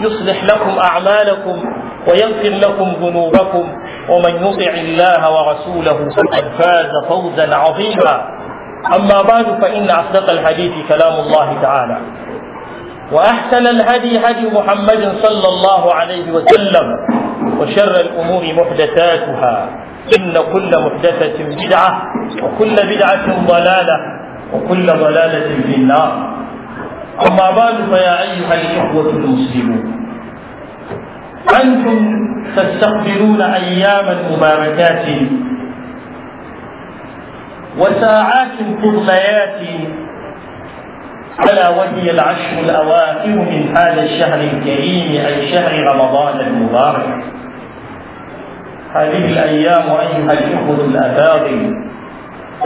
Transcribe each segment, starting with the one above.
يصلح لكم أعمالكم ويغفر لكم ذنوبكم ومن يطع الله ورسوله فقد فاز فوزا عظيما أما بعد فإن أصدق الحديث كلام الله تعالى وأحسن الهدي هدي محمد صلى الله عليه وسلم وشر الأمور محدثاتها إن كل محدثة بدعة وكل بدعة ضلالة وكل ضلالة في النار أما بعد فيا أيها الإخوة المسلمون أنتم تستقبلون أياما مباركات وساعات فضليات ألا وهي العشر الأواخر من هذا الشهر الكريم أي شهر رمضان المبارك هذه الأيام أيها الإخوة الأفاضل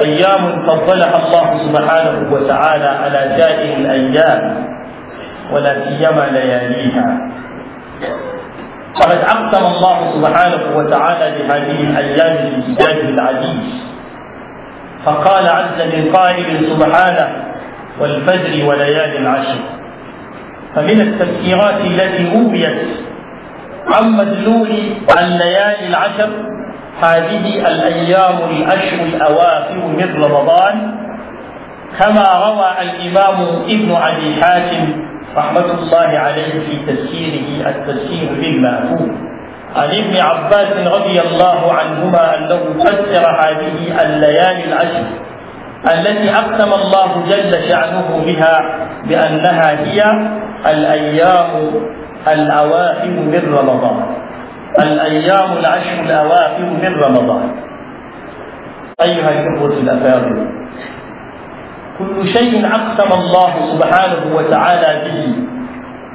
أيام فضلها الله سبحانه وتعالى على سائر الأيام ولا سيما لياليها فقد أقسم الله سبحانه وتعالى بهذه الأيام الإيجاد العزيز فقال عز من قائل سبحانه والفجر وليال العشر فمن التفسيرات التي رويت عن مدلول الليالي العشر هذه الأيام الأشهر الأواخر من رمضان كما روى الإمام ابن أبي حاتم رحمة الله عليه في تفسيره التفسير بالمأفوم عن ابن عباس رضي الله عنهما أنه فسر هذه الليالي العشر التي أقسم الله جل شأنه بها بأنها هي الأيام الأواخر من رمضان الأيام العشر الأواخر من رمضان أيها الإخوة الأفاضل كل شيء أقسم الله سبحانه وتعالى به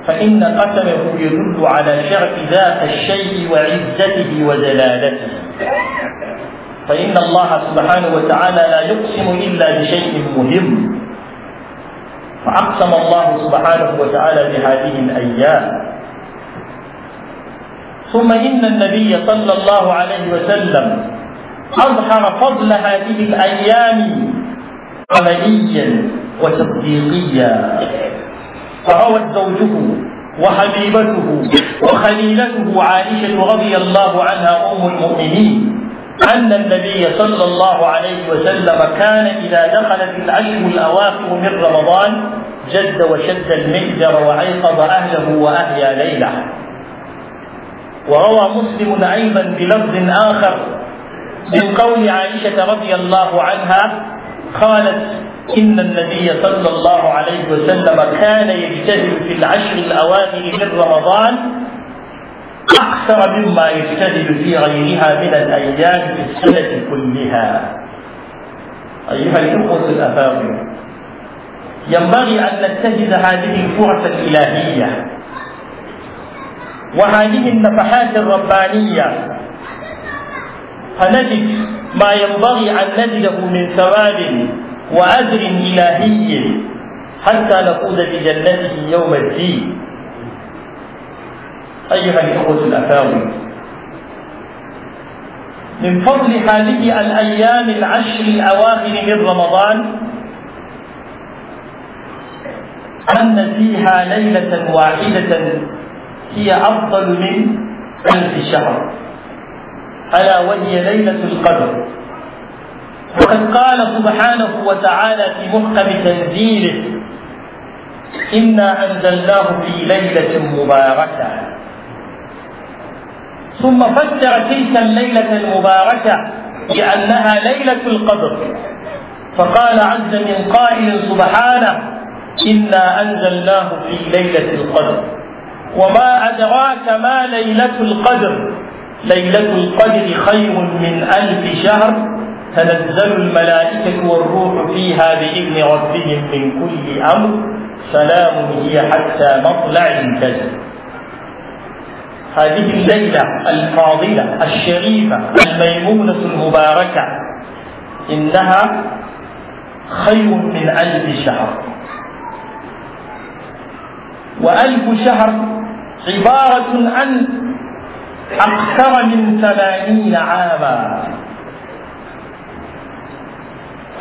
فإن قسمه يدل على شرف ذات الشيء وعزته وجلالته فإن الله سبحانه وتعالى لا يقسم إلا بشيء مهم فأقسم الله سبحانه وتعالى بهذه الأيام ثم إن النبي صلى الله عليه وسلم أظهر فضل هذه الأيام عمليا وتصديقيا فروت زوجه وحبيبته وخليلته عائشة رضي الله عنها أم المؤمنين أن النبي صلى الله عليه وسلم كان إذا دخلت العشر الأواخر من رمضان جد وشد المئزر وعيقظ أهله وأهيا ليله وروى مسلم أيضا بلفظ آخر من قول عائشة رضي الله عنها قالت إن النبي صلى الله عليه وسلم كان يجتهد في العشر الأواخر من رمضان أكثر مما يجتهد في غيرها من الأيام في السنة كلها أيها الإخوة الأفاضل ينبغي أن نتخذ هذه الفرصة الإلهية وهذه النفحات الربانية فنجد ما ينبغي أن نجده من ثواب وأجر إلهي حتى نفوز بجنته يوم الدين أيها الإخوة الأفاضل من فضل هذه الأيام العشر الأواخر من رمضان أن فيها ليلة واحدة هي أفضل من ألف شهر ألا وهي ليلة القدر وقد قال سبحانه وتعالى في محكم تنزيله إنا أنزلناه في ليلة مباركة ثم فسر تلك الليلة المباركة بأنها ليلة القدر فقال عز من قائل سبحانه إنا أنزلناه في ليلة القدر وما أدراك ما ليلة القدر ليلة القدر خير من ألف شهر تنزل الملائكة والروح فيها بإذن ربهم من كل أمر سلام هي حتى مطلع الفجر هذه الليلة الفاضلة الشريفة الميمونة المباركة إنها خير من ألف شهر وألف شهر عبارة عن أكثر من ثمانين عاما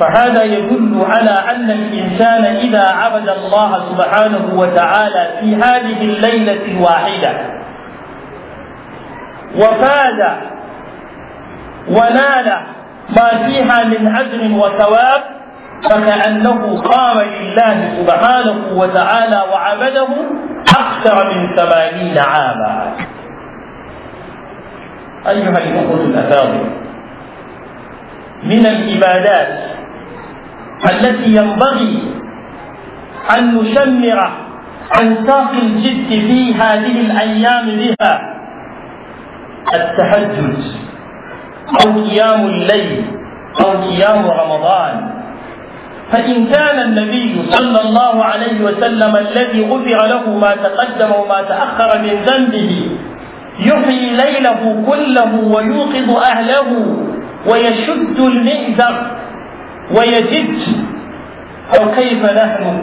فهذا يدل على أن الإنسان إذا عبد الله سبحانه وتعالى في هذه الليلة الواحدة وفاد ونال ما فيها من أجر وثواب فكأنه قام لله سبحانه وتعالى وعبده أكثر من ثمانين عاما أيها الأخوة الأفاضل من العبادات التي ينبغي أن نشمر عن ساق الجد في هذه الأيام بها التهجد أو قيام الليل أو قيام رمضان فإن كان النبي صلى الله عليه وسلم الذي غفر له ما تقدم وما تأخر من ذنبه يحيي ليله كله ويوقظ أهله ويشد المئزر ويجد فكيف نحن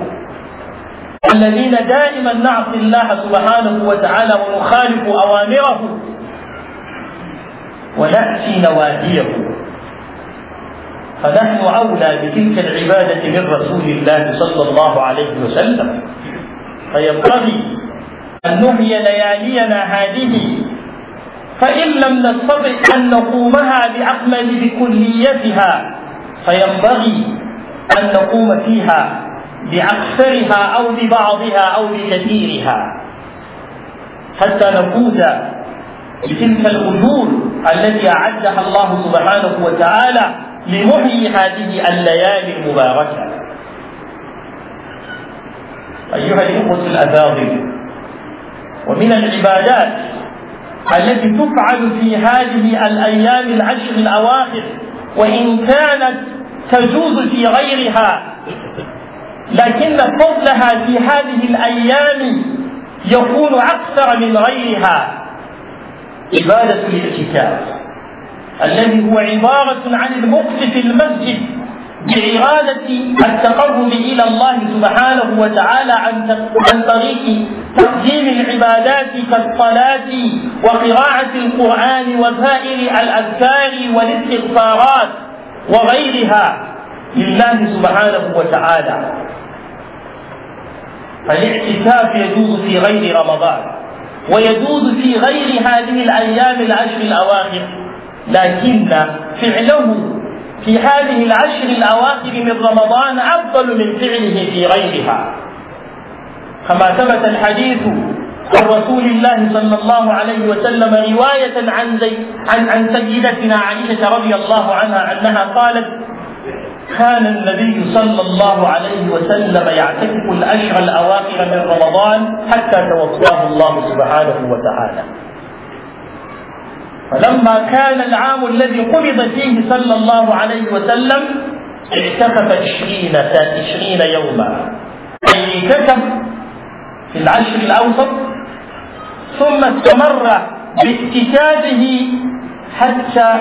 الذين دائما نعصي الله سبحانه وتعالى ونخالف أوامره ونأتي نواديه فنحن أولى بتلك العبادة من رسول الله صلى الله عليه وسلم فينبغي أن نهي ليالينا هذه فإن لم نستطع أن نقومها بأكمل بكليتها فينبغي أن نقوم فيها بأكثرها أو ببعضها أو بكثيرها حتى نفوز بتلك الأجور التي أعدها الله سبحانه وتعالى لمحيي هذه الليالي المباركة أيها الإخوة الأفاضل ومن العبادات التي تفعل في هذه الأيام العشر الأواخر وإن كانت تجوز في غيرها لكن فضلها في هذه الأيام يكون أكثر من غيرها عبادة الاعتكاف الذي هو عبارة عن الوقف في المسجد بإرادة التقرب إلى الله سبحانه وتعالى عن طريق تقديم العبادات كالصلاة وقراءة القرآن وسائر الأذكار والاستغفارات وغيرها لله سبحانه وتعالى فالاعتكاف يجوز في غير رمضان ويجوز في غير هذه الأيام العشر الأواخر لكن فعله في هذه العشر الأواخر من رمضان أفضل من فعله في غيرها كما ثبت الحديث عن رسول الله صلى الله عليه وسلم رواية عن زي عن عن سيدتنا عائشة رضي الله عنها أنها قالت كان النبي صلى الله عليه وسلم يعتكف الأشهر الأواخر من رمضان حتى توفاه الله سبحانه وتعالى فلما كان العام الذي قبض فيه صلى الله عليه وسلم اعتكف عشرين عشرين يوما أي كتب في العشر الأوسط ثم استمر باكتتابه حتى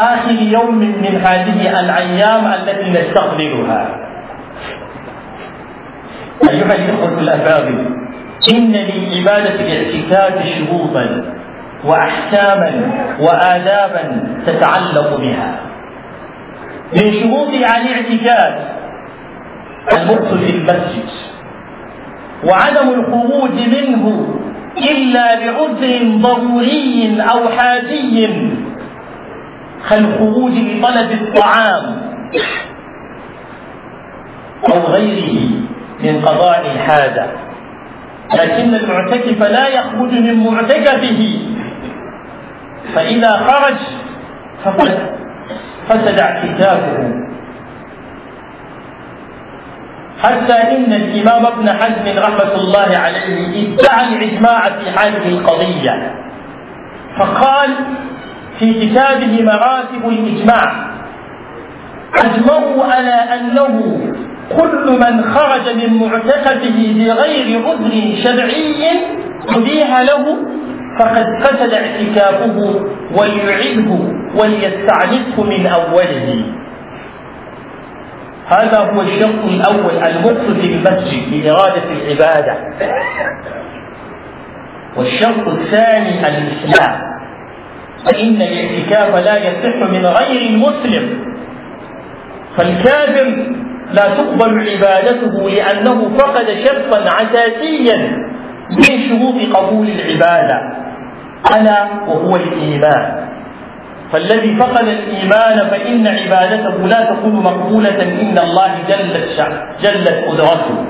آخر يوم من هذه الأيام التي نستقبلها أيها الأخوة الأفاضل إن لعبادة الاعتكاف شروطا وأحكاما وآدابا تتعلق بها من شروطها الاعتكاف المكث في المسجد وعدم الخروج منه إلا لعذر ضروري أو حاجي كالخروج لطلب الطعام أو غيره من قضاء الحاجة لكن المعتكف لا يخرج من معتكفه فإذا خرج فقد فسد اعتكافه حتى إن الإمام ابن حزم رحمة الله عليه ادعى الإجماع في هذه القضية فقال في كتابه مراتب الإجماع أجمعوا على أنه كل من خرج من معتقده بغير عذر شرعي أبيح له فقد فسد اعتكافه وليعده وليستعنفه من أوله هذا هو الشق الأول المخ في المسجد لإرادة العبادة والشق الثاني الإسلام فإن الاعتكاف لا يصح من غير المسلم فالكافر لا تقبل عبادته لأنه فقد شرطا أساسيا من شروط قبول العبادة أنا وهو الإيمان فالذي فقد الإيمان فإن عبادته لا تكون مقبولة إن الله جلت جلت قدرته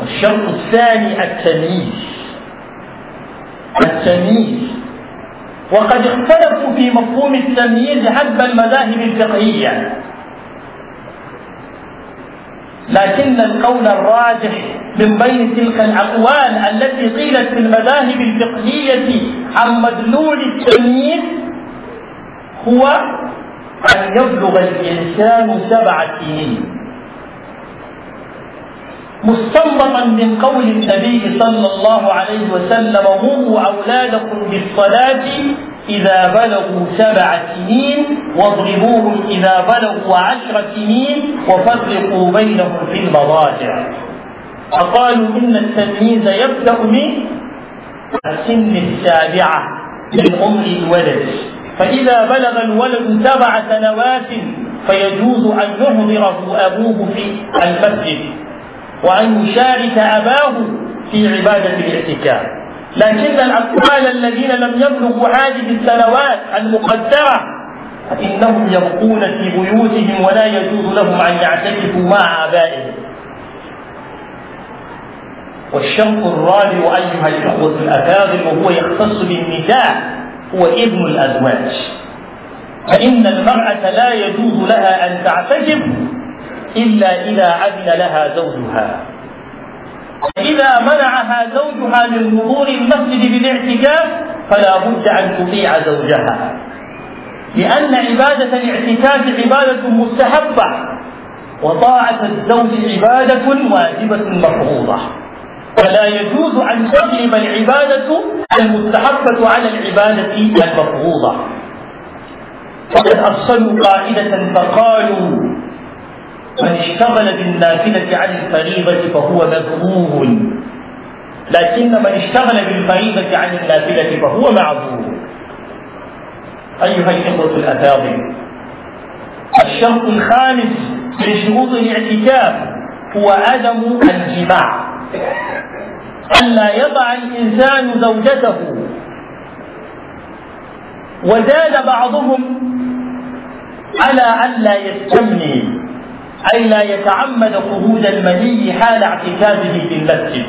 والشرط الثاني التمييز التمييز وقد اختلفوا في مفهوم التمييز حسب المذاهب الفقهية لكن القول الراجح من بين تلك الأقوال التي قيلت في المذاهب الفقهية عن مدلول التمييز هو أن يبلغ الإنسان سبع سنين مستنبطا من قول النبي صلى الله عليه وسلم قوموا أولادكم بالصلاة إذا بلغوا سبع سنين واضربوهم إذا بلغوا عشر سنين وفرقوا بينهم في المضاجع فقالوا إن التمييز يبدأ من السن السابعة من عمر الولد فإذا بلغ الولد سبع سنوات فيجوز أن يحضره أبوه في المسجد وأن يشارك أباه في عبادة الاعتكاف لكن الأطفال الذين لم يبلغوا هذه السنوات المقدرة فإنهم يبقون في بيوتهم ولا يجوز لهم أن يعتكفوا مع آبائهم والشمس الرابع أيها الإخوة الأكاذب وهو يختص بالنكاح هو ابن الأزواج فإن المرأة لا يجوز لها أن تعتكف إلا إذا عدل لها زوجها فإذا منعها زوجها من حضور المسجد بالاعتكاف فلا بد أن تطيع زوجها لأن عبادة الاعتكاف عبادة مستحبة وطاعة الزوج عبادة واجبة مفروضة فلا يجوز أن تغلب العبادة المستحبة على العبادة المفروضة وقد أفصلوا قاعدة فقالوا من اشتغل بالنافلة عن الفريضة فهو مكروه لكن من اشتغل بالفريضة عن النافلة فهو معذور أيها الإخوة الأفاضل الشرط الخامس من شروط الاعتكاف هو عدم الجماع ألا يضع الإنسان زوجته وزاد بعضهم على ألا يستمني أي لا يتعمد قهود المني حال اعتكافه في المسجد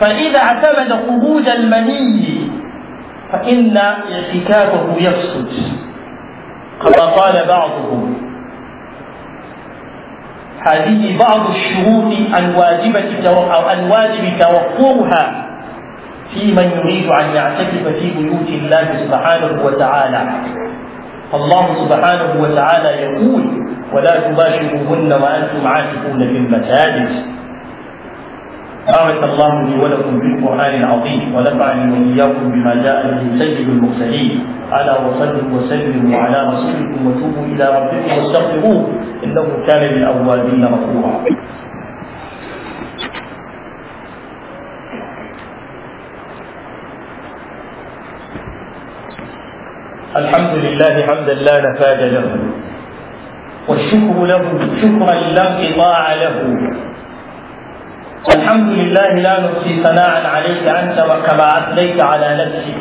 فإذا اعتمد قهود المني فإن اعتكافه يفسد كما قال بعضهم هذه بعض الشروط الواجبة أو الواجب توفرها في من يريد أن يعتكف في بيوت الله سبحانه وتعالى الله سبحانه وتعالى يقول ولا تباشروهن وأنتم عاشقون في المساجد بارك الله لي ولكم بالقرآن العظيم ونفعني وإياكم بما جاء به سيد المرسلين على وصلوا وسلموا على رسولكم وتوبوا إلى ربكم واستغفروه إنه كان للأوابين غفورا الحمد لله حمدا لا نفاد له والشكر له شكرا لا انقطاع له الحمد لله لا نحصي ثناء عليك انت وكما اثنيت على نفسك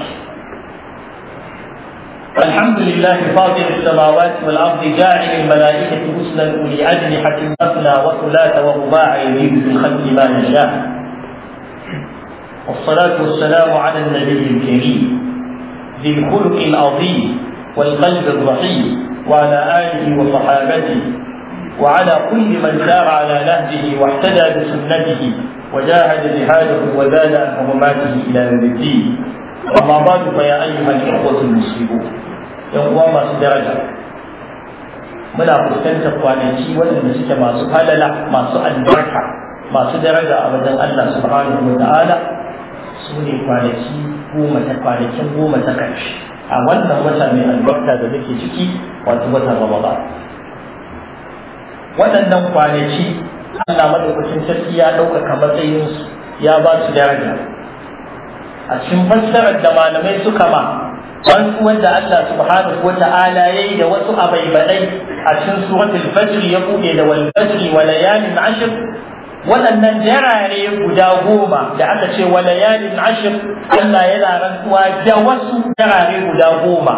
الحمد لله فاطر السماوات والارض جاعل الملائكه رسلا اولي اجنحه مثنى وثلاث ورباع يريد في الخلق ما نشاء والصلاه والسلام على النبي الكريم ذي الخلق العظيم والقلب الرحيم وعلى آله وصحابته وعلى كل من سار على نهجه واحتدى بسنته وجاهد جهاده وزاد حرماته الى الدين. اما بعد فيا ايها الاخوه المسلمون يقوى ما سدرجا منا فستنت قوانيتي ولن نسيت ما سؤال لا ما سؤال بركه ما سدرجا ابدا الله سبحانه وتعالى سوني قوانيتي قوم تقوانيتي قوم تقوانيتي a wannan wata mai albarka da muke ciki wato wata ba. waɗannan kwanaki Allah madaukakin sarki ya ɗaukaka matsayinsu ya ba su daraja a cikin fassarar da malamai suka ma wasu wanda Allah subhanahu wa ta'ala ya yi da wasu abai-baɗai, a cikin suratul fajr ya buɗe da wal fajr wa layalin ashr waɗannan jarare guda goma da aka ce wa layalin ashir Allah yana rantsuwa da wasu jarare guda goma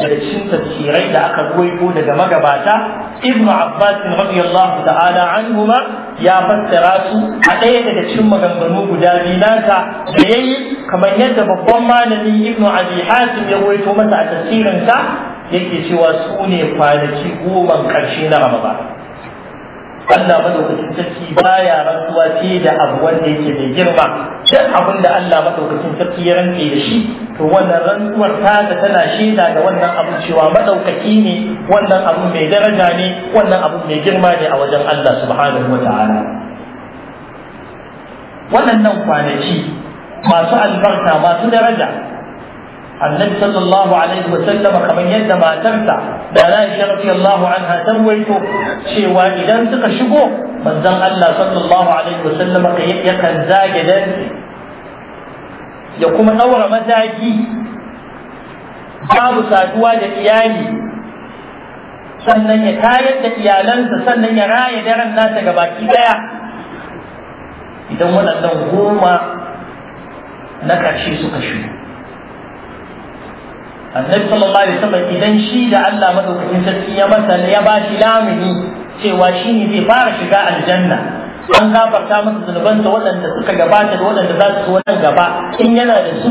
daga cikin tafsirai da aka goyo daga magabata ibnu abbas radiyallahu ta'ala anhuma ya fassara su a ɗaya daga cikin maganganu guda biyu nasa da yayi kamar yadda babban malami ibnu abi hatim ya goyo masa a tafsirinsa yake cewa su ne kwanaki goma ƙarshe na ramadan Allah madaukakin sarki baya rantsuwa ce da abu wanda yake mai girma duk abin da Allah madaukakin sarki ya rantse da shi to wannan rantsuwar ta da tana shaida da wannan abu cewa madaukaki ne wannan abu mai daraja ne wannan abu mai girma ne a wajen Allah subhanahu wa ta'ala wannan kwanaki masu albarka masu daraja annabi sallallahu alaihi wa sallama kamar yadda matarsa da Aisha radiyallahu anha ta waito cewa idan suka shigo manzon Allah sallallahu alaihi wa sallama yakan zage dan ya kuma daura mataki babu saduwa da iyali sannan ya tayar da iyalansa sannan ya raya daren nasa ga baki daya idan waɗannan goma na ƙarshe suka shigo annabi sallallahu alaihi wasallam idan shi da Allah madaukakin sarki ya masa ya ba shi lamuni cewa shi ne zai fara shiga aljanna an gafarta masa zunubansa waɗanda suka gabata da waɗanda za su nan gaba in yana da su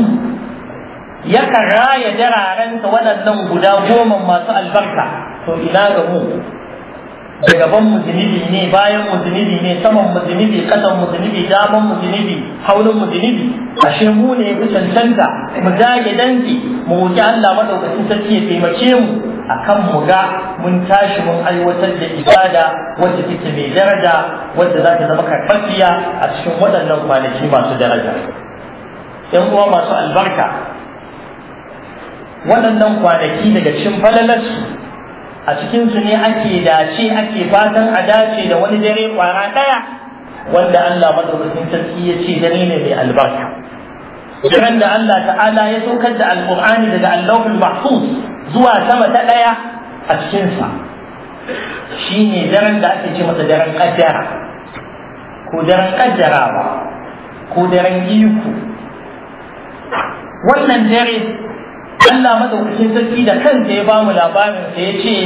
yakan raya dararensa waɗannan guda goma masu albarka to ina ga mu daga gaban mu ne bayan mu ne saman mu kasan mu daman mu zunubi haurin mu zunubi ashe mu ne mu cancanta mu zage danki mu wuce Allah madaukakin sarki ya taimake mu akan mu ga mun tashi mun aiwatar da ibada wadda take mai daraja wadda za ta zama karfafiya a cikin waɗannan kwanaki masu daraja yan uwa masu albarka waɗannan kwanaki daga cikin falalarsu a cikinsu ne ake dace ake fatan a dace da wani dare kwara ɗaya. wanda Allah madaukakin sarki ya ce dare ne mai albarka jiran da Allah ta'ala ya saukar da alqur'ani daga allahul mahfuz zuwa sama ta ɗaya a cikin sa shine daren da ake ce masa daren kaddara ko daren kaddarawa ko daren iko wannan dare Allah madaukakin sarki da kansa ya bamu labarin sa yace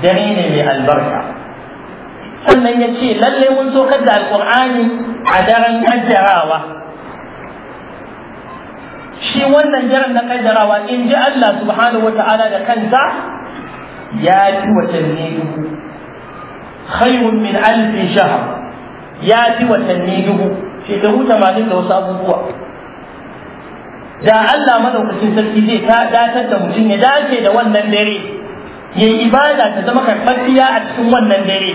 dare ne mai albarka sannan ya ce lalle mun so da alqur'ani a daren kaddarawa shi wannan daren na kaddarawa in ji Allah subhanahu wata'ala da kansa ya fi watanni dubu khairun min alfi shahr ya fi watanni dubu shekaru 80 da wasu abubuwa da Allah madaukakin sarki zai ta datar da mutum ya dace da wannan dare ya ibada ta zama karɓaɓɓiya a cikin wannan dare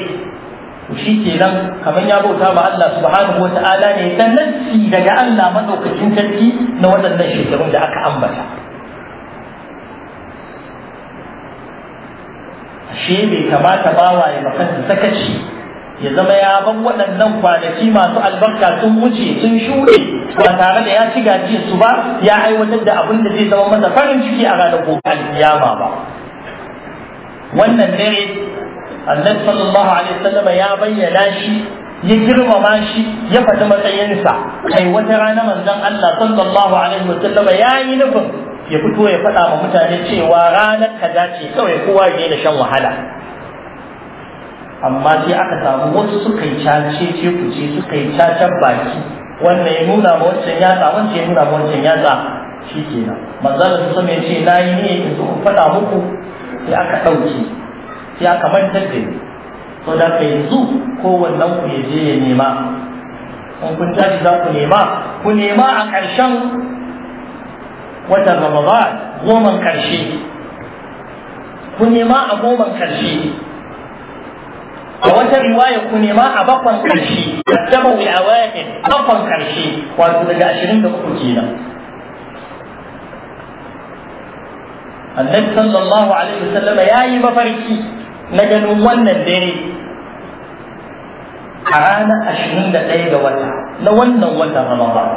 shi ke nan kamar ya bauta ma Allah subhanahu wa ta'ala ne dan nassi daga Allah madaukakin sarki na waɗannan shekarun da aka ambata ashe bai kamata bawa ya makansa sakaci ya zama ya ban waɗannan kwanaki masu albarka sun wuce sun shuɗe ba tare da ya ci gajiyar su ba ya aiwatar da abin da zai zama masa farin ciki a ranar gobe alkiyama ba wannan dare annabi sallallahu alaihi wasallam ya bayyana shi ya girmama shi ya faɗi matsayinsa kai wata rana manzon Allah sallallahu alaihi wasallam ya yi nufin ya fito ya faɗa ma mutane cewa ranar kaza ce kawai kowa ya da shan wahala amma sai aka samu wasu suka yi cace ce ku ce suka yi cacen baki wannan ya nuna ma wancan yatsa wancan ya nuna ma wancan yatsa shi nan manzo da sama ya ce na yi ne in zo ku faɗa muku sai aka ɗauke sai aka mantar da ni to da ka yanzu kowannen ku ya je ya nema in kun tashi za ku nema ku nema a ƙarshen watan ramadan goman ƙarshe ku nema a goman ƙarshe a wata riwaya ku nema a bakon karshe daba a waye bakon karshe wato daga ashirin da uku kenan annabi sallallahu alaihi wasallam ya yi mafarki na ganin wannan dare a ranar ashirin da ɗaya ga wata na wannan wata ramadan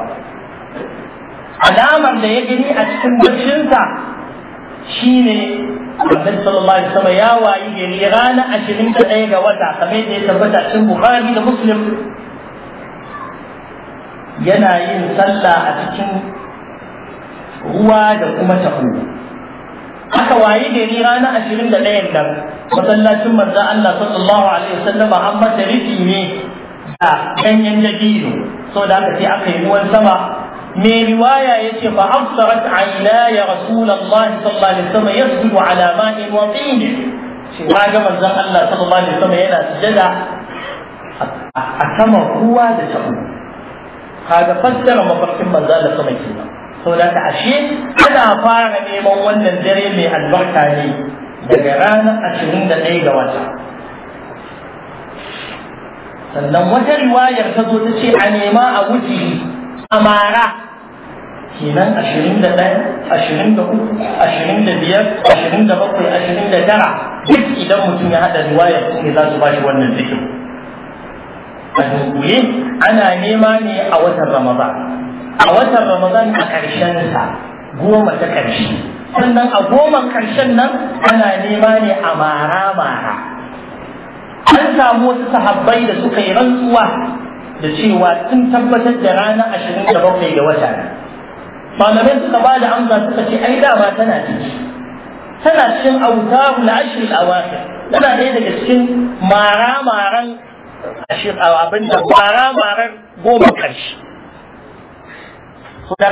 alamar da ya gani a cikin barcinsa shine Annabi sallallahu alaihi wasallam ya wayi gari rana ashirin da ga wata kamar da ya tabbata cikin Bukhari da Muslim yana yin sallah a cikin ruwa da kuma tafu aka wayi gari rana ashirin da nan masallacin manzo Allah sallallahu alaihi wasallam Muhammad masa rufi ne da ganyen dabino saboda haka sai aka yi ruwan sama mai riwaya ya ce fa absarat aina ya rasulullahi sallallahu alaihi wasallam yasjudu ala ma'in wa tin shi ma ga manzon Allah sallallahu alaihi wasallam yana sujada a saman ruwa da tabo kaga fassara mafarkin manzon Allah sama kenan saboda ta ashe tana fara neman wannan dare mai albarka ne daga ranar ashirin da ɗaya ga wata sannan wata riwayar ta zo ta ce a nema a wuce amara kenan ashirin da ɗaya ashirin da uku ashirin da biyar ashirin da bakwai ashirin da tara duk idan mutum ya haɗa riwayar su ne za su bashi wannan zikin a dunkule ana nema ne a watan ramadan a watan ramadan a ƙarshen sa goma ta ƙarshe sannan a goma ƙarshen nan ana nema ne a mara mara an samu wasu sahabbai da suka yi rantsuwa da cewa sun tabbatar da ranar ashirin da bakwai ga wata malamai suka ba da amsa suka ce ai dama tana ciki tana cikin autahu na ashirin awakhir tana ɗaya daga cikin mara-maran ashir abin da mara-maran goma ƙarshe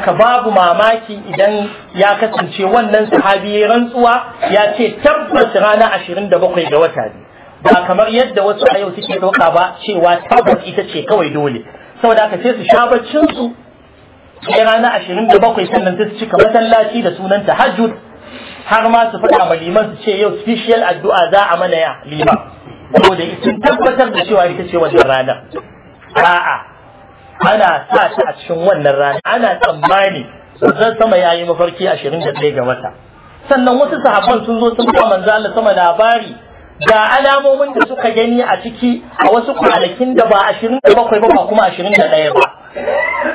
ka babu mamaki idan ya kasance wannan sahabi ya rantsuwa ya ce tabbas rana ashirin da bakwai ga wata ne ba kamar yadda wasu a yau suke ɗauka ba cewa tabbas ita ce kawai dole saboda ka ce su sha baccin su sai rana ashirin da bakwai sannan sai su cika masallaci da sunan tahajjud har ma su faɗa ma liman su ce yau special addu'a za a mana ya liman saboda ita tabbatar da cewa ita ce wannan ranar a'a ana sa shi a cikin wannan rana ana tsammani zan sama yayi mafarki ashirin da ga wata sannan wasu sahabban sun zo sun ba manzo Allah sama labari ga alamomin da suka gani a ciki a wasu kwanakin da ba ashirin ba kuma ashirin da ɗaya ba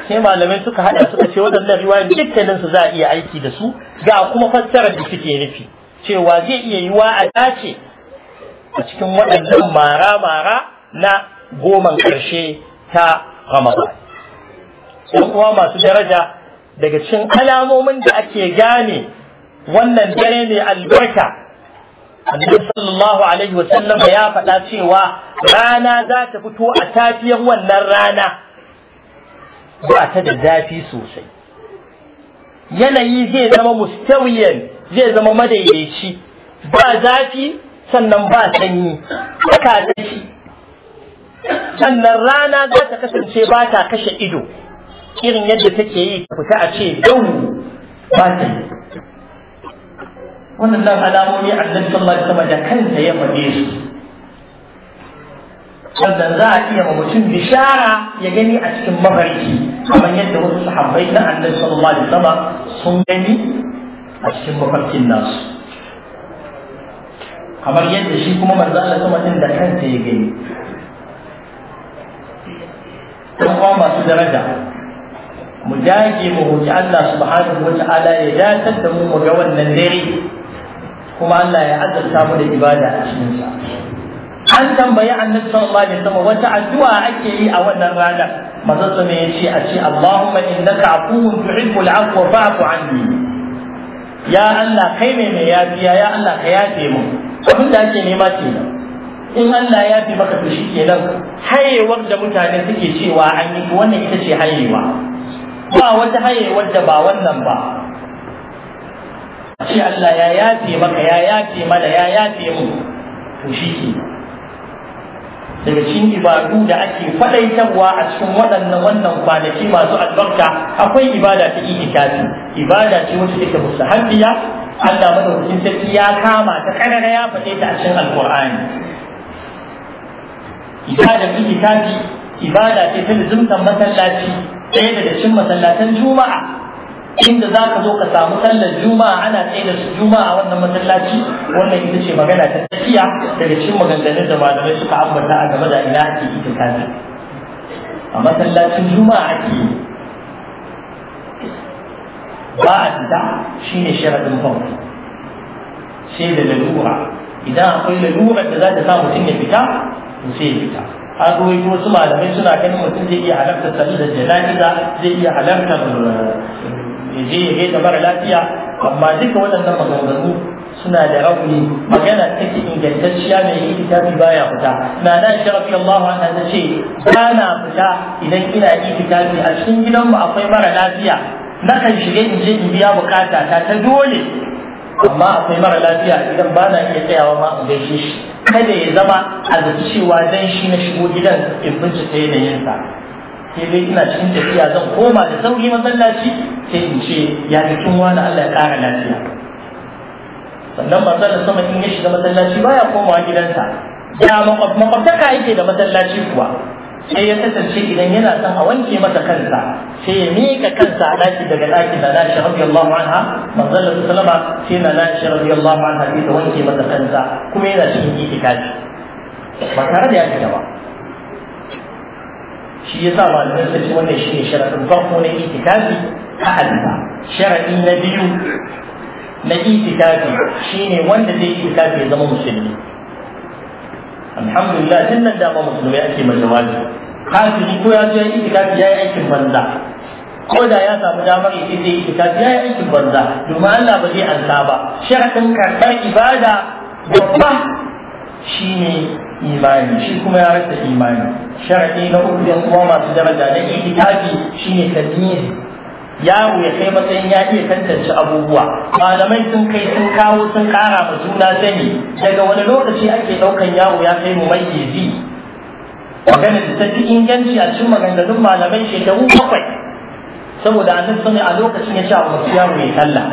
sai malamai suka haɗa suka ce waɗannan riwayoyin dukkanin su za a iya aiki da su ga kuma fassarar da suke nufi cewa zai iya yi yiwa a dace a cikin waɗannan mara-mara na goman ƙarshe ta Ramadan. Yan uwa masu daraja daga cikin alamomin da ake gane wannan dare ne albarka annabi sallallahu alaihi wa sallam ya faɗa cewa rana za ta fito a tafiyar wannan rana ba ta da zafi sosai yanayi zai zama mustawiyan zai zama madaidaici ba zafi sannan ba sanyi haka da shi sannan rana za ta kasance ba ta kashe ido irin yadda take yi ta fita a ce yau ba ta yi wannan alamomi annabi sallallahu alaihi wasallam da kansa ya faɗe su sannan za a iya ma mutum bishara ya gani a cikin mafarki kamar yadda wasu sahabbai na annabi sallallahu alaihi wasallam sun gani a cikin mafarkin nasu kamar yadda shi kuma manzo Allah sama din da kansa ya gani dan uwa masu daraja mu dage mu hoci Allah subhanahu wa ta'ala ya datar da mu ga wannan dare kuma Allah ya azurta mu da ibada a cikinsa an tambayi annabi sallallahu alaihi wasallam wata addu'a ake yi a wannan ranar manzo sama ya ce a ce Allahumma innaka afuwun tuhibbul afwa fa'fu anni ya Allah kai ne mai yafiya ya Allah ka yafe mu abin da ake nema kenan in Allah ya fi maka to kenan hayewar da mutane suke cewa an yi wannan ita ce hayewa ba wata hayewar da ba wannan ba ce Allah ya yafe maka ya yafe mana ya yafe mu to shi ke daga cikin ibadu da ake faɗaitarwa a cikin waɗannan wannan kwanaki masu albarka akwai ibada ta itikafi ibada ce wacce take hafiya. Allah madaukakin sarki ya kama ta karara ya faɗe ta a cikin alqur'ani ibada itikafi ibada ce ta zumtan masallaci ɗaya daga cikin masallatan juma'a inda za ka zo ka samu sallar juma'a ana tsaye da su juma'a wannan masallaci wannan ita ce magana ta tafiya daga cikin maganganun da malamai suka ambata a game da ina ake yi itikafi a masallacin juma'a ake yi ba a fita shi ne sharadin farko sai da lalura idan akwai lalurar da za ta sa mutum ya fita to sai ya fita an ruwaito wasu malamai suna ganin mutum zai iya halartar sallar jana'iza zai iya halartar ya je ya gaida mara lafiya amma duka waɗannan maganganu suna da rauni magana take ingantacciya mai yi littafi baya fita na da shi rafi Allah ta ce ba na fita idan ina itikafi a cikin gidanmu akwai mara lafiya na kan shiga in je in biya bukata ta ta dole amma akwai mara lafiya idan ba na iya tsayawa ma in gaishe shi kada ya zama a zaci cewa dan shi na shigo gidan in bincika yanayinsa sai dai ina cikin tafiya zan koma da sauri masallaci sai in ce ya jikin Allah ya ƙara lafiya sannan manzo da sama in ya shiga masallaci baya komawa gidansa ya makwabtaka yake da masallaci kuwa sai ya kasance idan yana son a wanke masa kansa sai ya miƙa kansa a ɗaki daga ɗaki na nashi radiyallahu anha manzo da sallama sai na nashi radiyallahu anha sai ta wanke masa kansa kuma yana cikin itikafi ba tare da ya fita ba shi ya sa malamai suka ce wannan shine sharaɗin farko na itikafi ta Allah sharaɗi na biyu na itikafi shine wanda zai itikafi ya zama musulmi alhamdulillah tun nan dama musulmi ake majawabi kafiri ko ya zo ya itikafi ya yi aikin banza ko da ya samu damar ya zai itikafi ya yi aikin banza domin Allah ba zai ansa ba sharaɗin karɓar ibada babba shine imani shi kuma ya rasa imani shar'i na uku yan uwa masu daraja na itikafi shine tadmini yaro ya kai matsayin ya iya tantance abubuwa malamai sun kai sun kawo sun kara ma juna sani daga wani lokaci ake daukan yaro ya kai mu mayyizi magana da ta fi inganci a cikin maganganun malamai shekaru bakwai saboda annabi sun a lokacin ya ce a wasu yaro ya talla.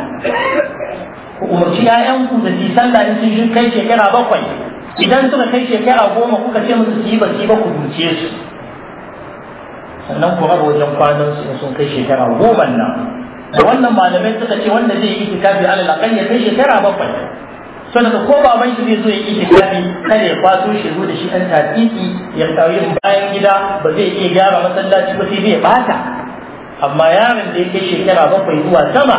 ku umarci 'ya'yanku da ji sallah in sun kai shekara bakwai idan suka kai shekara goma kuka ce musu su yi ba ku duce su sannan ku raba wajen kwanan su sun kai shekara goma nan da wannan malamai suka ce wanda zai yi itikafi alal aqal ya kai shekara bakwai sannan ko baban shi zai zo ya yi itikafi kada ya kwaso shi zo da shi ɗan tatiki ya tsayin bayan gida ba zai iya gyara masallaci ba sai zai bata amma yaron da ya kai shekara bakwai zuwa sama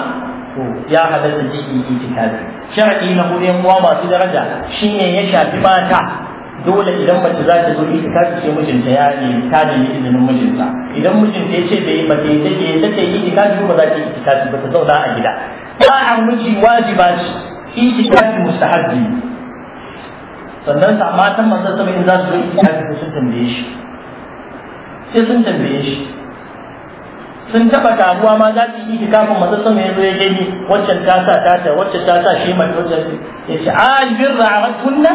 to ya halatta zai yi itikafi sharaɗi na huriyar muwa masu daraja shine ya shafi mata dole idan mace za ta zo ita ta ce mijinta ya yi ta nemi izinin mijinta idan mijinta ya ce da yi mace ta ke ta ce yi ta ba za ta yi ta ba ta zauna a gida Ba a miji wajiba ce itikafi mustahabbi sannan sa matan masu sama in za su yi itikafi sun tambaye shi sai sun tambaye shi sun taba taruwa ma za su yi kafin masu sun ya zo ya gani waccan ta sa ta ta waccan ta sa shi mai waccan ya ce bin ra'awar kunna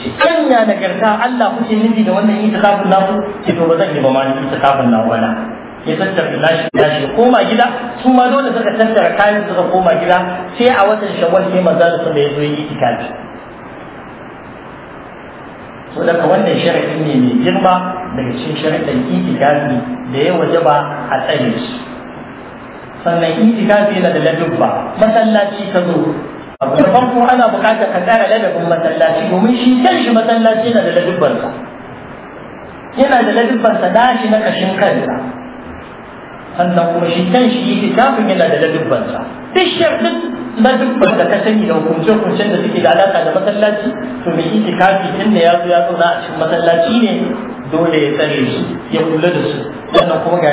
shi kanya nagarta Allah kuke nufi da wannan itikafin ku ce to ba zan yi ba ma itikafin na wala ya tattara ya nashi koma gida su ma dole suka tattara kayan suka koma gida sai a watan shawwal sai manzo da sun ya zo yi itikafi So daga wannan sharadi ne mai girma daga cikin sharuɗan itikafi da ya waje ba a tsaye su sannan itikafi yana da ladubba masallaci ka zo abu da farko ana buƙatar ka tsara ladabin masallaci domin shi kanshi masallaci yana da ladubbansa yana da ladubbansa nashi na ƙashin kansa sannan kuma shi kanshi itikafin yana da ladubbansa duk sharuɗin na duk wanda ka sani da hukunce-hukuncen da suke da alaƙa da masallaci to mai itikafi tun da ya zo ya zauna a cikin masallaci ne dole ya tsare su ya kula da su wannan kuma ga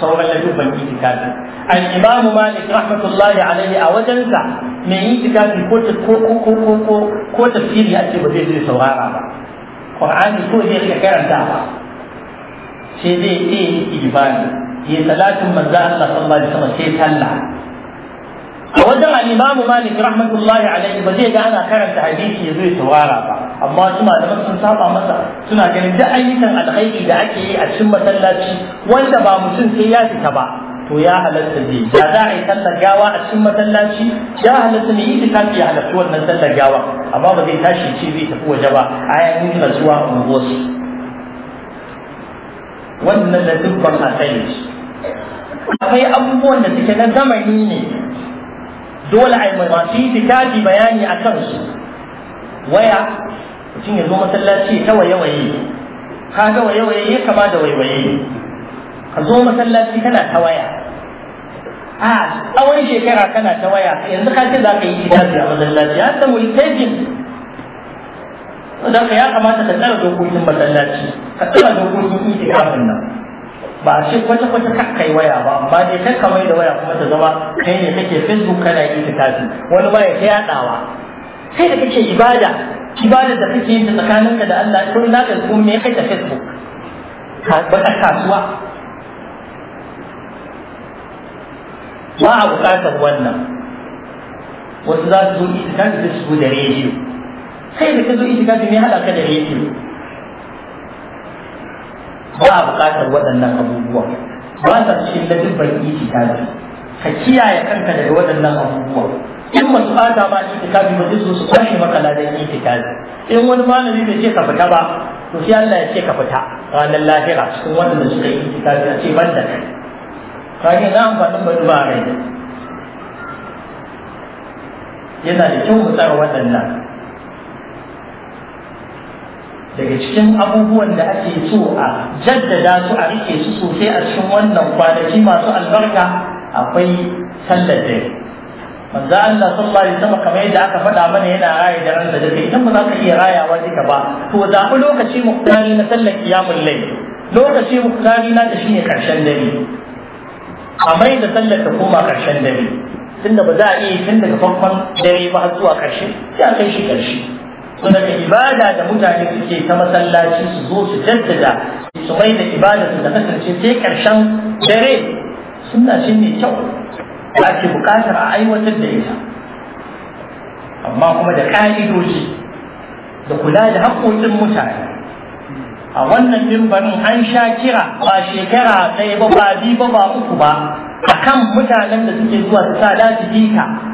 sauran ladubban itikafi al imamu malik rahmatullahi alaihi a wajensa mai itikafi ko ko ko ko ko ko tafsiri a ce ba zai je saurara ba qur'ani ko zai iya karanta ba sai zai iya ibani ya salatin manzo Allah sallallahu alaihi wasallam sai sallah a wajen al'imamu malik rahmatullahi alaihi ba zai ga ana karanta hadisi ya zo ya saurara ba amma su malaman sun saba masa suna ganin duk ayyukan alkhairi da ake yi a cikin masallaci wanda ba mutum sai ya fita ba to ya halatta zai da za a yi sallar gawa a cikin masallaci ya halatta ne yi ya halatta wannan sallar gawa amma ba zai tashi ce zai tafi waje ba a yayin da zuwa unguwarsu wannan da dubban asali akwai abubuwan da suke na zamani ne dole a yi masu itikafi bayani a kansu waya mutum ya zo masallaci ta waye-waye ka ga waye-waye ya kama da waiwaye ka zo masallaci kana ta waya a tsawon shekara kana ta waya yanzu ka ce za ka yi itikafi a masallaci ya samu littafin don ka ya kamata ka tsara dokokin masallaci ka tsara dokokin itikafin nan ba shi kwata kwata kan kai waya ba amma dai kan kamar da waya kuma ta zama kai ne kake facebook kana yi ta tafi wani ba ya ta yadawa kai da kake ibada ibada da kake yin ta tsakaninka da Allah kun na ga kun me kai ta facebook ba ta kasuwa ba a bukatar wannan wasu za su zo itikafi da su da rediyo kai da ka zo itikafi me haɗa ka da rediyo ba a buƙatar waɗannan abubuwa ba sa cikin ta itikafi ka kiyaye kanka daga waɗannan abubuwan in ba su fata ma ba zai so su kwashe maka ta itikafi in wani malami bai ce ka fita ba to sai Allah ya ce ka fita ranar lahira cikin wanda suka yi ta itikafi a ce ban da kai na amfanin ba a rai yana da kyau mu tsara waɗannan daga cikin abubuwan da ake so a jaddada su a rike su sosai a cikin wannan kwanaki masu albarka akwai sallar dare manzo Allah sallallahu alaihi wasallam kamar yadda aka faɗa mana yana raya da ran da dare idan ba za ka iya rayawa duka ba to ku lokaci muktari na sallar qiyamul layl lokaci muktari na da shine karshen dare a mai da sallar ta koma karshen dare tunda ba za a iya tun daga farkon dare ba har zuwa karshe sai a kai shi karshe so daga ibada da mutane suke ta masallaci su zo su jaddada su mai da ibada su da kasance sai karshen dare suna shi ne kyau da ake bukatar a aiwatar da ita amma kuma da ka'idoji da kula da haƙoƙin mutane a wannan mimbarin an sha kira ba shekara ɗaya ba ba biyu ba ba uku ba a kan mutanen da suke zuwa su sa su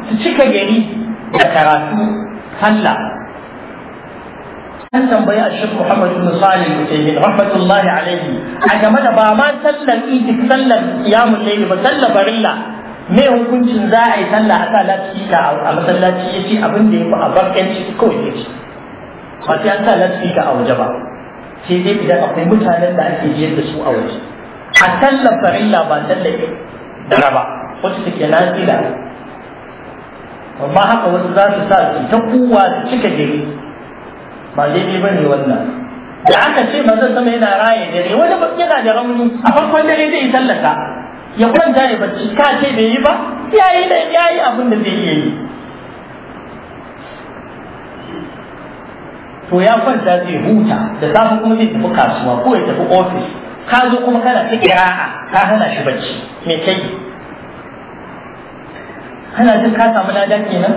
su cika gari da karatu sallah an tambayi a shi Muhammad bin Salih Mutaimin rahmatullahi alaihi a game da ba ma sallar idi sallar qiyamul layl ba sallar barilla me hukuncin za a yi sallah a sa lasfika a masallaci ya ce abin da ya fi a barkanci kawai ya ce ba sai an sa lasfika a waje ba sai dai idan akwai mutanen da ake jiyar da su a waje a sallar barilla ba sallar da raba wacce take nazila amma haka wasu za su sa su ta kowa su cika jiri ba daidai ba ne wannan da aka ce ba zan sama yana raye da dare wani yana da rauni a farkon dare zai sallaka. ya kwanta ya bacci ka ce bai yi ba ya yi da ya yi abin da zai iya yi to ya kwanta zai huta da safe kuma zai tafi kasuwa ko ya tafi ofis ka zo kuma kana ta kira'a ka hana shi bacci me kai kana jin ka samu lada kenan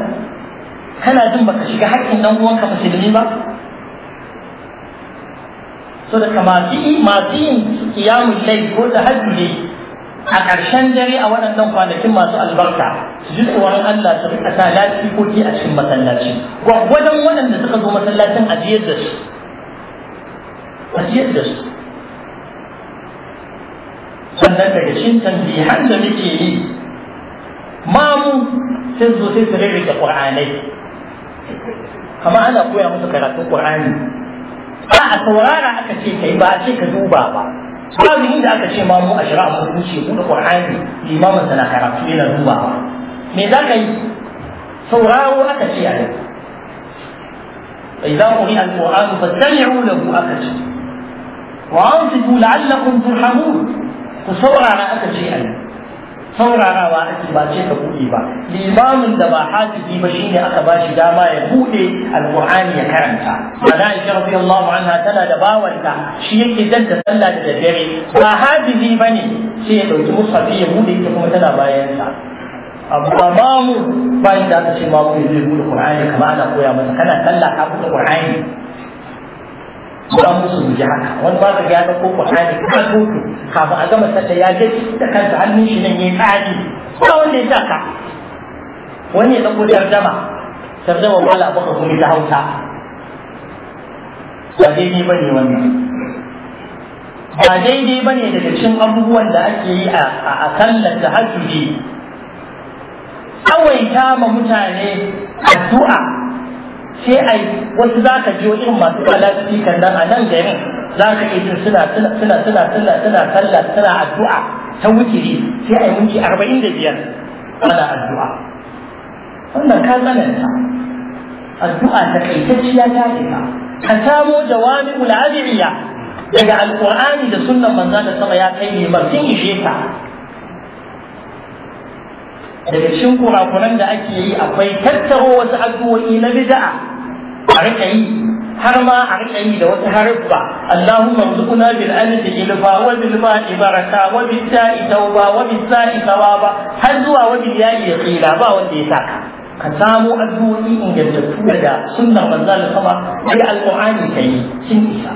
kana jin baka shiga haƙƙin dan uwanka musulmi ba so daga masu yin kiyamun lai ko da ne a ƙarshen dare a waɗannan kwanakin masu albarka su ji tsoron Allah su rika sa lafiyoyi a cikin masallaci gwagwadon waɗanda suka zo masallacin ajiyar da su ajiyar da su sannan daga cikin tambihan da muke yi mamu sai zo sai su rika ƙur'anai kama ana koya musu karatun ƙur'ani a a saurara aka ce kai ba a ce ka duba ba babu inda aka ce ma mu a shira mu wuce buɗe qur'ani limamin sana karatu yana duba ba me za ka yi sauraro aka ce a yau فإذا قرئ القرآن فاستمعوا له أكثر وأنصتوا لعلكم ترحمون ku saurara aka ce a saurarawa ake ba ce ka buɗe ba limamin da ba hafizi ba shine aka ba shi dama ya buɗe alqur'ani ya karanta ana aisha radiyallahu anha tana da bawanta shi yake danta sallah da daddare ba hafizi bane sai ya dauki mushafi ya buɗe ita kuma tana bayan sa amma mamu bayan da aka ce mamu ya buɗe qur'ani kamar ana koya masa kana sallah ka buɗe qur'ani ba musu ya haka wani ba ka ya ko Qur'ani ka hutu kafin a gama sata ya ga da kanta hannun shi nan yayi kaji Kuma wanda ya saka wani ya dauko tarjama tarjama mala baka kuma ta hauta. ba daidai bane wannan ba daidai bane daga cikin abubuwan da ake yi a sallar tahajjudi kawai kama mutane addu'a sai ai wasu za ka jiyo irin masu alaƙi kan nan a nan garin za ka iya jin suna suna suna suna suna sallah suna addu'a ta wukiri sai ai minti arba'in da biyar ana addu'a wannan ka tsananta addu'a ta kaitacciya ta ita ka Ka samo jawami ul'adiyya daga alƙur'ani da sunnan manzo da sama ya kai ne sun ishe ka daga cikin kurakuran da ake yi akwai tattaro wasu addu'o'i na bida'a. a rika yi har ma a rika yi da wata haruffa Allahumma rzuqna bil alif ilfa wa bil ba'i baraka wa bil ta'i tauba wa bil sa'i thawaba har zuwa wa bil ya'i qila ba wanda ya saka ka samu addu'o'i ingantattu da sunnar manzon sama da alqur'ani kai sun isa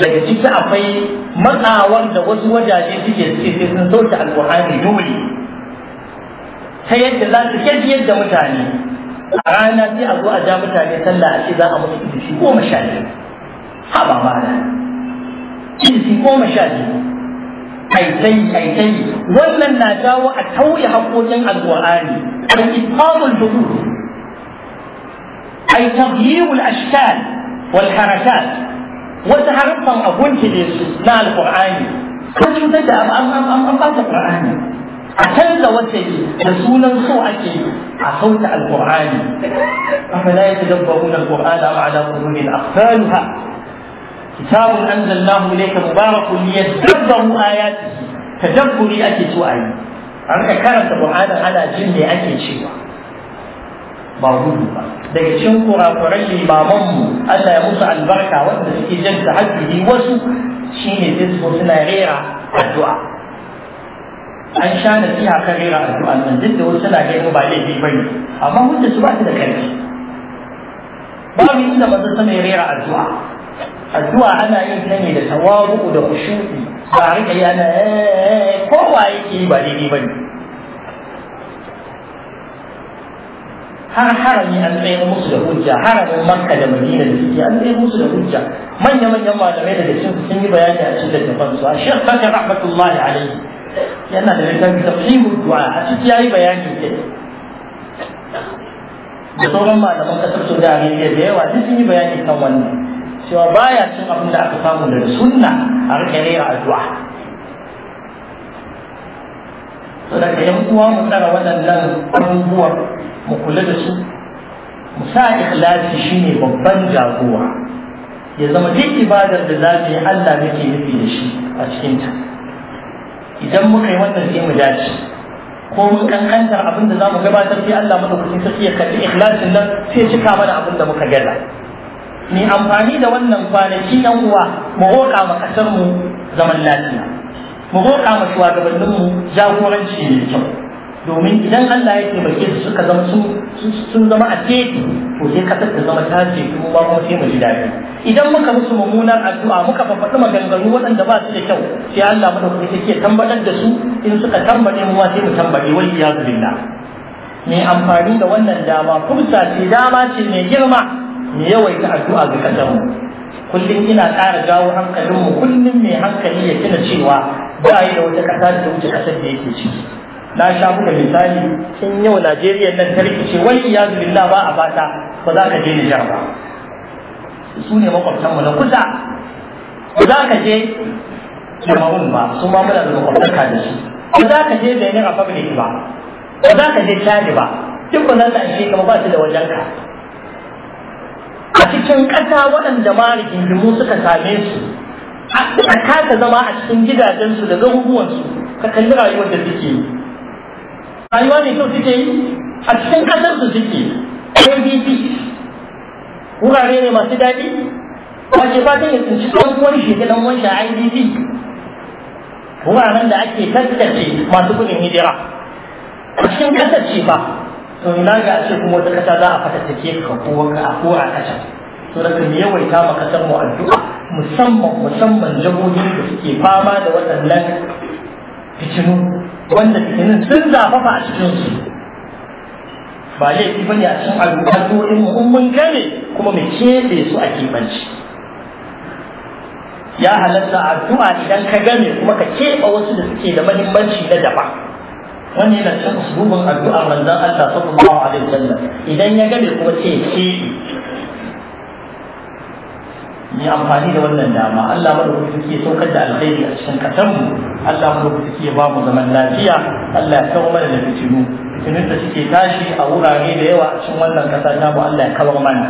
daga ciki akwai matsawar da wasu wajaje suke suke sai sun sauke alqur'ani dole ta yadda za su yadda mutane a rana sai a zo a ja mutane sallah a ce za a musu ilisi goma sha biyu haba mana ilisi goma sha biyu aitai aitai wannan na jawo a tauye haƙoƙin alƙur'ani al-ifadul hudud ay taghyirul ashkal wal harakat wata harfan abun su na alƙur'ani ko cutar da an an an ba ta qur'ani a canza wata yi da sunan so ake a sauta alƙur'ani afala yatadabbaruna alqur'ana am ala qulubi aqfalha kitabun anzalnahu ilayka mubarakun liyadabbaru ayatihi tadabburi ake so yi. a rika karanta qur'anin ana jin me ake cewa ba gudu ba daga cikin kurakuran limamanmu Allah ya musu albarka wanda suke jan tahajjudi wasu shine sai suna rera addu'a an sha da siya kan rera addu'an nan duk da wasu na ganin ba laifi bane amma hujja su ba su da karfi babu inda ba san ya rera addu'a addu'a ana yin ta ne da tawaru da khushu'i ba rika yana eh, eh, kowa yake ba daidai bane har harami an tsaye musu da hujja haramin makka da madina da suke an tsaye musu da hujja manya manyan malamai da cikin sun yi bayani a cikin littafin su a shekh bakar rahmatullahi alaihi yana da littafi tafsiru du'a a ciki yayi bayani ke da sauran malaman da Saudi da yawa duk sun yi bayani kan wannan cewa baya cin abin da aka samu da sunna a ne a addu'a to daga yan uwa mu tsara waɗannan abubuwa mu kula da su mu sa ikhlasi shine babban jagora ya zama duk ibadar da za Allah nake nufi da shi a cikin ta idan muka yi wannan sai mu dace ko mun kankantar abin da za mu gabatar sai Allah madaukakin sarki ya kalli ikhlasin nan sai cika mana abin da muka gaza ni amfani da wannan kwanaki yan uwa mu roƙa ma kasar mu zaman lafiya mu roƙa ma shugabannin mu jagoranci mai kyau domin idan Allah ya taimake su suka zama su sun zama a teku to sai kasar ta zama ta ce kuma ba mu sai mu ji dadi. idan muka musu mummunar addu'a muka fafaɗi maganganu waɗanda ba su da kyau sai Allah mu dauki take tambatar da su in suka tambaye mu ma sai mu tambaye wal iyadu billah mai amfani da wannan dama fursa ce dama ce mai girma mai yawaita addu'a ga kasar mu kullum ina ƙara jawo hankalinmu kullum mai hankali ya kina cewa ba yi da wata ƙasa da wuce ƙasar da yake ciki na sha buga misali in yau Najeriya nan ta rikice wani ya billah ba a fata ba za ka je ni ba su ne makwabtanmu na kusa ba za ka je Cameroon ba su ma muna da makwabtaka da shi. ba za ka je Benin public ba ba za ka je Chad ba duk ba nan ka ashe ba su da wajen ka a cikin ƙasa waɗanda ma rigingimu suka same su a kasa zama a cikin gidajensu da garuruwansu ka kalli rayuwar da suke yi rayuwa mai kyau suke yi a cikin ƙasar su suke abc wurare ne masu daɗi wace fatan ya tsinci ɗan uwan shi ɗan uwan a idp wuraren da ake tattace masu gudun hijira a cikin ƙasar ce ba to ina ga ce kuma wata kasa za a take ka kowa a kora to da kan yawaita ma kasar mu addu'a musamman musamman jihohin da suke fama da waɗannan fitinu wanda fitinin sun zafafa a cikin su ba zai fi ne a cikin al'adorin in mun gane kuma mai keɓe su a kimanci ya halatta addu'a idan ka gane kuma ka keɓa wasu da suke da mahimmanci na daba Wani yana cikin usulubin addu'a manzan Allah sallallahu alaihi wasallam idan ya gane kuma ce keɓe ni amfani da wannan dama Allah madaukaki suke saukar da alkhairi a cikin katar mu Allah madaukaki ya ba mu zaman lafiya Allah ya kawo mana da fitinu fitinun da suke tashi a wurare da yawa a cikin wannan kasa ta mu Allah ya kawo mana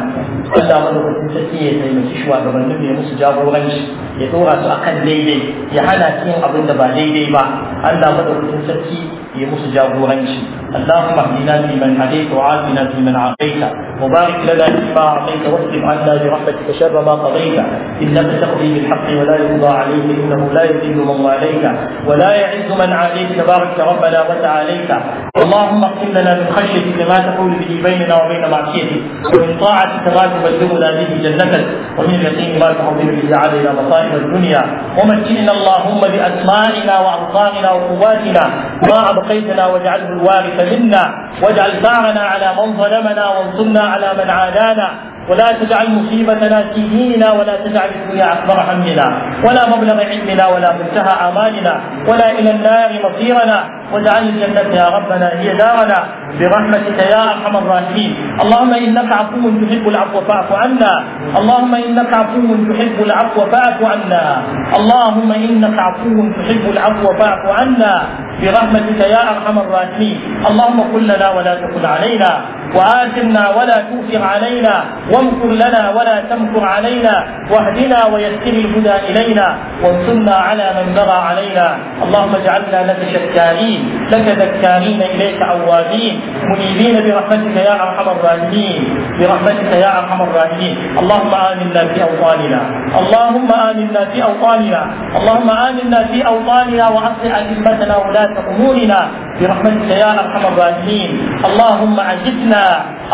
Allah madaukaki sarki ya taimaki shugabannin ya musu jagoranci ya dora su akan daidai ya hana su yin abin da ba daidai ba Allah madaukaki sarki yi musu قريش اللهم اهدنا فيمن هديت وعافنا فيمن عافيت وبارك لنا فيما اعطيت واسلم عنا برحمتك شر ما قضيت انك تقضي بالحق ولا يقضى عليك انه لا يذل من واليت ولا يعز من عاديك تبارك ربنا وتعاليت اللهم اغفر لنا من خشيتك ما تحول به بيننا وبين معصيتك ومن طاعتك ما تبلغنا به جنتك ومن اليقين ما تحول به علينا مصائب الدنيا ومكننا اللهم باسمائنا وابصارنا وقواتنا ما أبقيتنا واجعله الوارث منا واجعل ثارنا على من ظلمنا وانصرنا على من عادانا ولا تجعل مصيبتنا في ديننا ولا تجعل الدنيا اكبر همنا ولا مبلغ علمنا ولا منتهى امالنا ولا الى النار مصيرنا واجعل الجنة يا ربنا هي دارنا برحمتك يا أرحم الراحمين اللهم إنك عفو تحب العفو فاعف عنا اللهم إنك عفو تحب العفو فاعف عنا اللهم إنك عفو تحب العفو فاعف عنا برحمتك يا أرحم الراحمين اللهم كن لنا ولا تكن علينا وآثرنا ولا تؤثر علينا وامكر لنا ولا تمكر علينا واهدنا ويسر الهدى إلينا وانصرنا على من بغى علينا اللهم اجعلنا لك شكارين الراحمين لك ذكارين إليك أوابين منيبين برحمتك يا أرحم الراحمين برحمتك يا أرحم الراحمين اللهم آمنا في أوطاننا اللهم آمنا في أوطاننا اللهم آمنا في أوطاننا وأصلح أئمتنا ولاة أمورنا برحمتك يا ارحم الراحمين اللهم عجبنا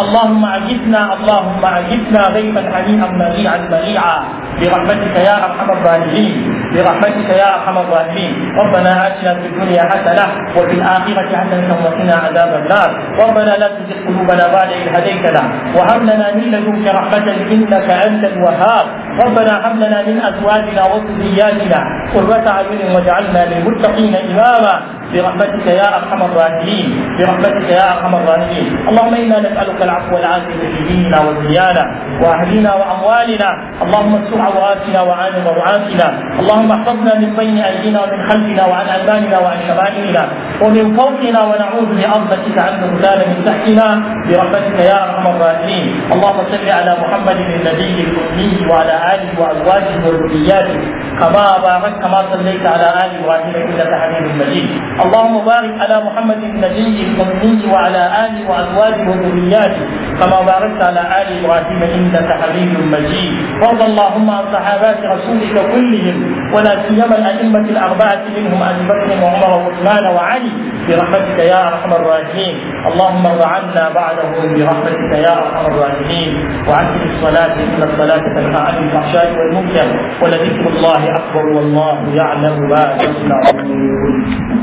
اللهم عجبنا اللهم عجبنا ضيفا حميما مريعا مريعا برحمتك يا ارحم الراحمين برحمتك يا ارحم الراحمين ربنا اتنا في الدنيا حسنه وفي الاخره حسنه وقنا عذاب النار ربنا لا تزغ قلوبنا بعد اذ هديتنا وهب لنا من لدنك رحمه انك انت الوهاب ربنا هب لنا من ازواجنا وذرياتنا قرة اعين واجعلنا للمتقين اماما برحمتك يا ارحم الراحمين برحمتك يا ارحم الراحمين اللهم انا نسالك العفو والعافيه في ديننا وديانا واهلنا واموالنا اللهم استر عوراتنا وعان روعاتنا اللهم احفظنا من بين ايدينا ومن خلفنا وعن ايماننا وعن شمائلنا ومن فوقنا ونعوذ بعظمتك عن نزلان من تحتنا برحمتك يا ارحم الراحمين اللهم صل على محمد النبي الامي وعلى اله وازواجه وذرياته كما باركت كما صليت على ال ابراهيم انك حميد مجيد اللهم بارك على محمد النبي الأمي وعلى آله وأزواجه وذرياته كما باركت على آل إبراهيم إنك حميد مجيد وارض اللهم عن صحابات رسولك كلهم ولا سيما الأئمة الأربعة منهم أبي بكر وعمر وعثمان وعلي برحمتك يا أرحم الراحمين اللهم ارض بعدهم برحمتك يا أرحم الراحمين وعجل الصلاة إن الصلاة تنهى عن الفحشاء والمنكر ولذكر الله أكبر والله يعلم ما تصنعون